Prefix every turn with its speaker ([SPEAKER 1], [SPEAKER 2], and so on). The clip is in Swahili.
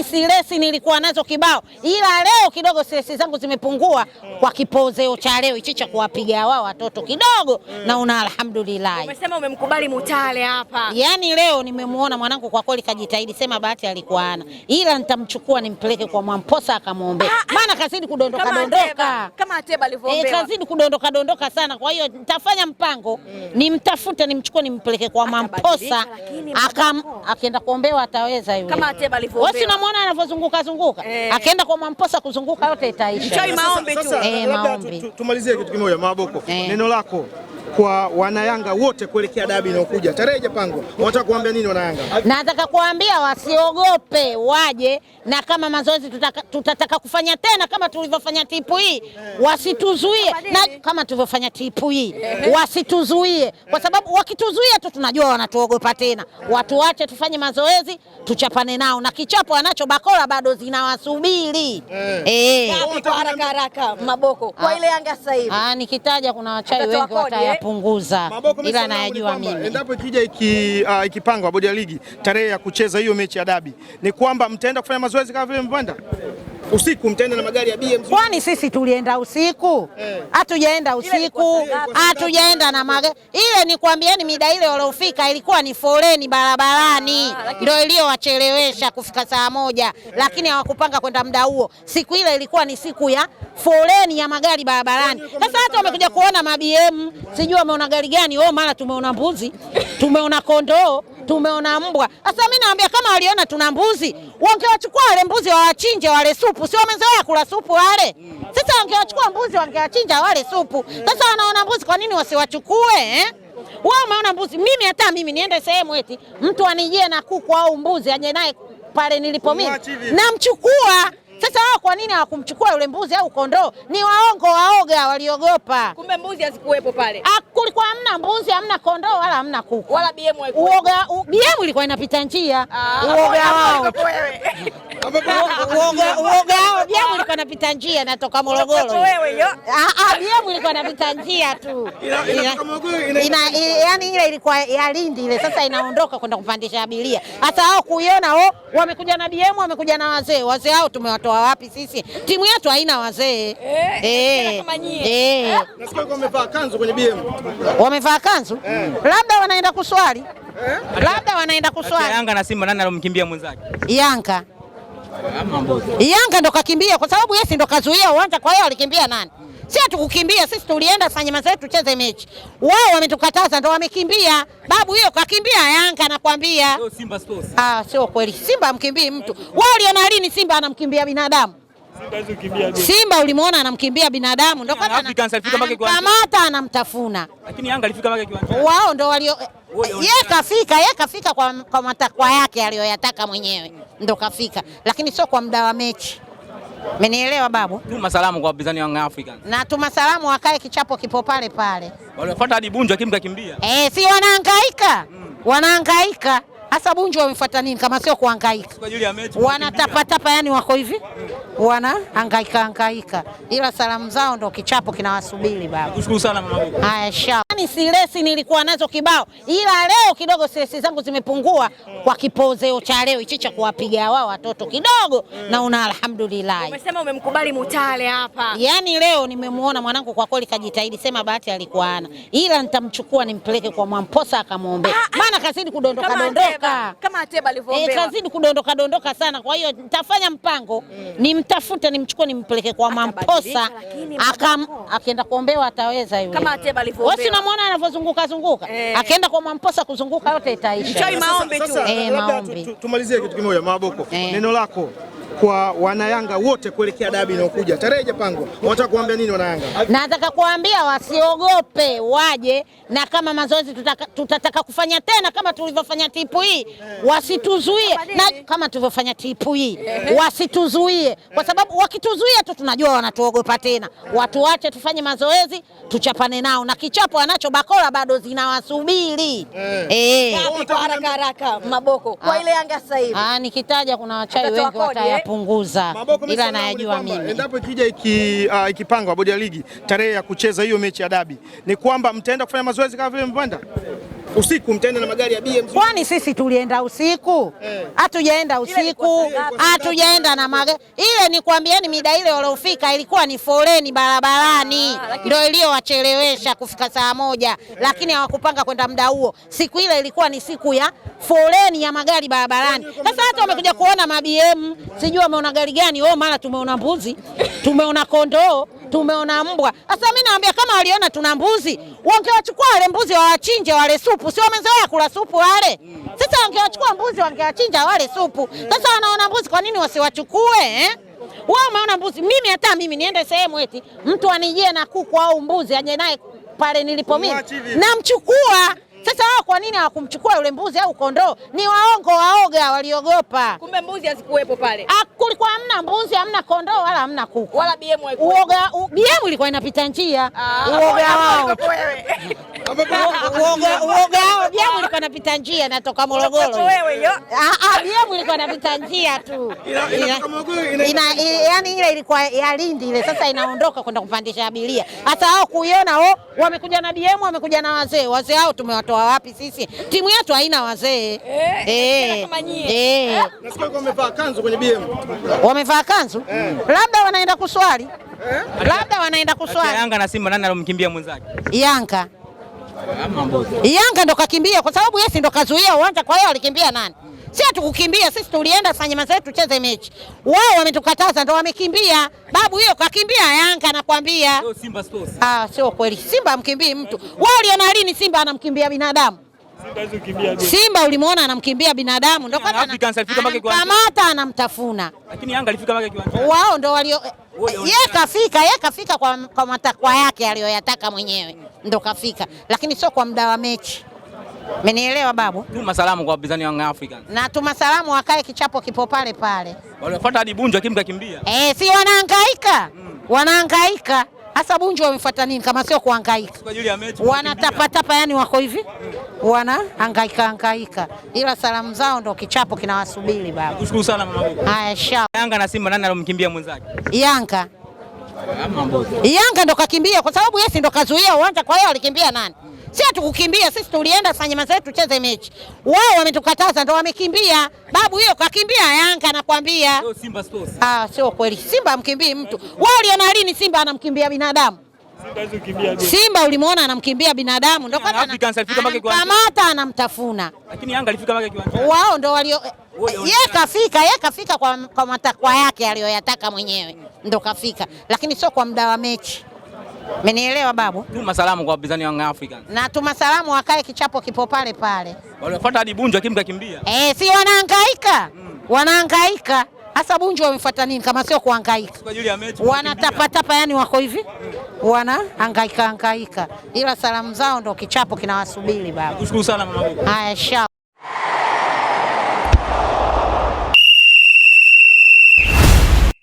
[SPEAKER 1] Yaani silesi nilikuwa nazo kibao, ila leo kidogo silesi zangu zimepungua kwa kipozeo cha leo hichi cha kuwapiga wao watoto kidogo, naona alhamdulillah.
[SPEAKER 2] Umesema umemkubali Mutale hapa,
[SPEAKER 1] yani leo nimemuona mwanangu kwa kweli kajitahidi, sema bahati alikuwa ana, ila nitamchukua nimpeleke kwa Mwamposa akamwombea, ah, ah. maana kazidi kudondoka dondoka
[SPEAKER 2] kama Ateba alivyoombea, eh,
[SPEAKER 1] kazidi kudondoka dondoka sana. Kwa hiyo nitafanya mpango mm, nimtafute nimchukue nimpeleke kwa Mwamposa, akienda kuombewa ataweza yule
[SPEAKER 2] kama Ateba alivyoombea
[SPEAKER 1] umeona anavyozunguka zunguka eh. Akienda kwa Mwamposa kuzunguka yote itaisha.
[SPEAKER 2] Maombi tu.
[SPEAKER 3] Eh, maombi. Tumalizie kitu kimoja Maboko. Eh. Neno lako kwa wanayanga wote kuelekea dabi inayokuja tarehe ijapangwa. Wanataka kuambia nini wanayanga?
[SPEAKER 1] Nataka kuambia wasiogope, waje na kama mazoezi tutaka, tutataka kufanya tena kama tulivyofanya tipu hii, wasituzuie na kama tulivyofanya tipu hii, wasituzuie kwa sababu wakituzuia tu tunajua wanatuogopa tena. Watuache tufanye mazoezi, tuchapane nao, na kichapo anacho bakora bado zinawasubiri eh. Eh.
[SPEAKER 2] haraka haraka, maboko kwa ah. ile Yanga sasa hivi.
[SPEAKER 1] Ah, nikitaja kuna wachai wengi eh? wataya kupunguza, ila anayajua mimi.
[SPEAKER 3] Endapo ikija uh, ikipangwa uh, bodi ya ligi tarehe ya kucheza hiyo mechi ya dabi, ni kwamba mtaenda kufanya mazoezi kama vile mpanda usiku mtaenda na magari ya BMW.
[SPEAKER 1] Kwani sisi tulienda usiku? Eh. Hatujaenda usiku, hatujaenda na magari. Ile nikwambieni, mida ile waliofika ilikuwa ni foleni barabarani, ah, ndio iliyowachelewesha kufika saa moja, eh. lakini hawakupanga kwenda muda huo. Siku ile ilikuwa ni siku ya foleni ya magari barabarani. Sasa hata wamekuja kuona ma BM, sijui wameona gari gani. Oh, mara tumeona mbuzi, tumeona kondoo tumeona mbwa. Sasa mimi naambia kama waliona tuna mbuzi, wangewachukua wale mbuzi wawachinje wale supu, sio wamezoea kula supu wale. Sasa wangewachukua mbuzi wangewachinja wale supu. Sasa wanaona mbuzi, kwa nini wasiwachukue eh? Wao umeona mbuzi, mimi hata mimi niende sehemu eti mtu anijie na kuku au mbuzi aje naye pale nilipo mimi namchukua sasa wao kwa nini hawakumchukua yule mbuzi au kondoo? Ni waongo, waoga, waliogopa.
[SPEAKER 2] Kumbe mbuzi hazikuwepo pale,
[SPEAKER 1] ah, kulikuwa hamna mbuzi, hamna kondoo wala hamna kuku wala BM. Uoga BM ilikuwa inapita njia, ah.
[SPEAKER 2] uoga wao,
[SPEAKER 1] uoga napita njia natoka Morogoro. BM ah, ah, ilikuwa napita njia tu, yaani ile ilikuwa ya Lindi ile, sasa inaondoka kwenda kupandisha abiria. Hata hao kuiona o, oh, wamekuja na BM, wamekuja na wazee. Wazee hao tumewatoa wapi sisi? Timu yetu haina wazee. Eh, eh.
[SPEAKER 2] Eh. Wamevaa kanzu kwenye BM,
[SPEAKER 1] wamevaa kanzu, labda wanaenda kuswali, labda wanaenda kuswali.
[SPEAKER 4] Yanga na Simba, nani alomkimbia mwenzake?
[SPEAKER 1] Yanga Yanga ndo kakimbia kwa sababu Yesi ndo kazuia uwanja, kwa hiyo alikimbia nani? Si hatukukimbia sisi, tulienda Sanyama zetu tucheze mechi, wao wametukataza, ndo wamekimbia. Babu hiyo kakimbia Yanga, nakwambia. Ah, sio kweli, Simba amkimbii mtu. Wao waliona lini Simba anamkimbia binadamu? Simba ulimwona anamkimbia binadamu, ndio
[SPEAKER 4] anamkamata
[SPEAKER 1] anamtafuna,
[SPEAKER 4] lakini Yanga alifika mpaka kiwanjani.
[SPEAKER 1] Wao ndio walio ye kafika, ye kafika kwa, kwa matakwa yake aliyoyataka mwenyewe ndo kafika, lakini sio kwa muda wa mechi. Menielewa babu?
[SPEAKER 4] Tuma salamu kwa wapinzani wa Young Africans.
[SPEAKER 1] Na tuma salamu wakae kichapo kipo pale pale.
[SPEAKER 4] Walifuata hadi Bunju akimkakimbia.
[SPEAKER 1] Eh, si wanahangaika? Mm. Wanahangaika. Hasa Bunju wamefuata nini kama sio kuhangaika? Wanatapatapa, yani wako hivi wanahangaika hangaika, ila salamu zao ndo kichapo kinawasubiri baba.
[SPEAKER 4] Kushukuru sana mama
[SPEAKER 1] Haya, sha. Ni yaani silesi nilikuwa nazo kibao, ila leo kidogo silesi zangu zimepungua kwa kipozeo cha leo hichi cha kuwapiga wao watoto kidogo, una alhamdulillah.
[SPEAKER 2] Umesema umemkubali Mutale hapa,
[SPEAKER 1] yani leo nimemuona mwanangu kwa kweli kajitahidi, sema bahati alikuwa ana, ila nitamchukua nimpeleke kwa Mwamposa akamwombe. Ah, ah. maana kazidi kudondoka dondoka kuondoka
[SPEAKER 2] kama Ateba alivyoombewa.
[SPEAKER 1] Eh, kazidi kudondoka dondoka sana. Kwa hiyo nitafanya mpango mm. nimtafute nimchukue nimpeleke kwa Mamposa akaenda kuombewa ataweza yule.
[SPEAKER 2] Kama Ateba alivyoombewa.
[SPEAKER 1] Wewe unamwona anavyozunguka zunguka. Eh. Akaenda kwa Mamposa kuzunguka yote itaisha. Maombi tu. Eh, maombi.
[SPEAKER 3] Tumalizie kitu kimoja Maboko. Eh. Neno lako kwa wanayanga wote kuelekea dabi inayokuja tarehe japangwa. Unataka kuambia nini wanayanga?
[SPEAKER 1] Nataka kuambia wasiogope, waje na kama mazoezi tutaka, tutataka kufanya tena kama tulivyofanya tipu hii e. wasituzuie, na kama tulivyofanya tipu hii e. wasituzuie, kwa sababu wakituzuia tu tunajua wanatuogopa tena. Watuache tufanye mazoezi, tuchapane nao, na kichapo anacho bakora bado zinawasubiri eh, eh.
[SPEAKER 2] haraka haraka maboko kwa ah. ile Yanga sasa hivi.
[SPEAKER 1] Ah, nikitaja kuna wachai wengi eh? watayapo kupunguza, ila nayajua mimi.
[SPEAKER 3] Endapo ikija iki, uh, ikipangwa bodi ya ligi tarehe ya kucheza hiyo mechi ya dabi, ni kwamba mtaenda kufanya mazoezi kama vile mpanda usiku mtaenda na magari ya BMW?
[SPEAKER 1] Kwani sisi tulienda usiku? Eh. Hatujaenda hey. Usiku hatujaenda na magari ile, nikwambieni, mida ile waliofika ilikuwa ni foleni barabarani ah, ndio iliyowachelewesha kufika saa moja, eh. lakini hawakupanga kwenda muda huo. Siku ile ilikuwa ni siku ya foleni ya magari barabarani. Sasa hata wamekuja kuona ma BMW, sijui wameona gari gani. Oh, mara tumeona mbuzi, tumeona kondoo tumeona mbwa. Sasa mimi naambia kama waliona tuna mbuzi, wangewachukua wale mbuzi wawachinje wale supu, si wamezoea kula supu wale. Sasa wangewachukua mbuzi wangewachinja wale supu. Sasa wanaona mbuzi, kwa nini wasiwachukue eh? Wao umeona mbuzi, mimi hata mimi niende sehemu eti mtu anijie na kuku au mbuzi aje naye pale nilipo mimi namchukua wengine hawakumchukua yule mbuzi au kondoo, ni waongo, waoga, waliogopa.
[SPEAKER 2] Kumbe mbuzi hazikuwepo pale,
[SPEAKER 1] ah, kulikuwa hamna mbuzi, hamna kondoo, wala hamna kuku, wala BM. Uoga BM ilikuwa inapita njia, ah,
[SPEAKER 2] uoga wao
[SPEAKER 1] uoga wao jemu ilikuwa njia natoka Morogoro. Jemu ah, ah, ilikuwa inapita njia tu, yaani ile ilikuwa ya Lindi ile, sasa inaondoka kwenda kupandisha abiria. Hata wao kuiona o, oh, wamekuja na bm wamekuja na wazee. Wazee hao tumewatoa wapi sisi? Timu yetu haina wazee. Eh, eh,
[SPEAKER 2] eh. Wamevaa kanzu kwenye BM,
[SPEAKER 1] wamevaa kanzu, labda wanaenda kuswali, labda wanaenda kuswali.
[SPEAKER 4] Yanga na Simba, nani alomkimbia mwenzake?
[SPEAKER 1] Yanga Yanga ndo kakimbia kwa sababu Yesi ndo kazuia uwanja, kwa hiyo alikimbia nani? Si hatukukimbia sisi, tulienda Sanyama zetu tucheze mechi, wao wametukataza, ndo wamekimbia. Babu hiyo kakimbia Yanga, nakwambia
[SPEAKER 4] sio Simba Sports.
[SPEAKER 1] Ah, sio kweli, Simba amkimbii mtu. Wao waliona lini Simba anamkimbia binadamu? Simba ulimwona anamkimbia binadamu, ndo kamata anamtafuna,
[SPEAKER 4] lakini Yanga alifika mpaka kiwanjani.
[SPEAKER 1] Wao ndo walio ye kafika, ye kafika kwa matakwa yake aliyoyataka mwenyewe ndo kafika, lakini sio kwa muda wa mechi. Menielewa babu?
[SPEAKER 4] Tuma salamu kwa wapinzani wa Afrika.
[SPEAKER 1] Na tuma salamu wakae kichapo kipo pale pale.
[SPEAKER 4] Walifuata hadi Bunju kimkakimbia.
[SPEAKER 1] Eh, si wanahangaika? Mm. Wanahangaika. Hasa Bunju wamefuata nini kama sio kuhangaika?
[SPEAKER 4] Kwa ajili ya mechi.
[SPEAKER 1] Wanatapatapa yani wako hivi? Mm. Wanahangaika hangaika. Ila salamu zao ndo kichapo kinawasubiri babu.
[SPEAKER 4] Nakushukuru sana mama. Haya, shaa. Yanga na Simba nani alomkimbia mwenzake?
[SPEAKER 1] Yanga. Yanga ndo kakimbia kwa sababu yesi ndo kazuia uwanja, kwa hiyo alikimbia nani? Si hatukukimbia sisi, tulienda Sanyama zetu tucheze mechi, wao wametukataza, ndo wamekimbia. Babu hiyo kakimbia Yanga, nakwambia
[SPEAKER 4] sio Simba Sports.
[SPEAKER 1] Ah, sio kweli, Simba amkimbii mtu. Wao uliona lini Simba anamkimbia binadamu? Simba ulimwona anamkimbia binadamu, ndio kamata anamtafuna,
[SPEAKER 4] lakini Yanga alifika mpaka kiwanjani,
[SPEAKER 1] wao ndo walio ye kafika, ye kafika kwa, kwa matakwa yake aliyoyataka mwenyewe ndo kafika, lakini sio kwa muda wa mechi. Menielewa babu?
[SPEAKER 4] Tuma salamu kwa wapinzani wa Afrika.
[SPEAKER 1] Na tuma salamu wakae kichapo kipo pale pale.
[SPEAKER 4] Walifuata hadi Bunju kimbia.
[SPEAKER 1] Eh, si wanahangaika? Mm. Wanahangaika. Hasa Bunju wamefuata nini kama sio kuhangaika? Kwa ajili ya mechi. Wanatapatapa yani wako hivi? Mm. Wanahangaika hangaika. Ila salamu zao ndo kichapo kinawasubiri babu.
[SPEAKER 4] Nakushukuru sana mama.
[SPEAKER 1] Haya, shaa.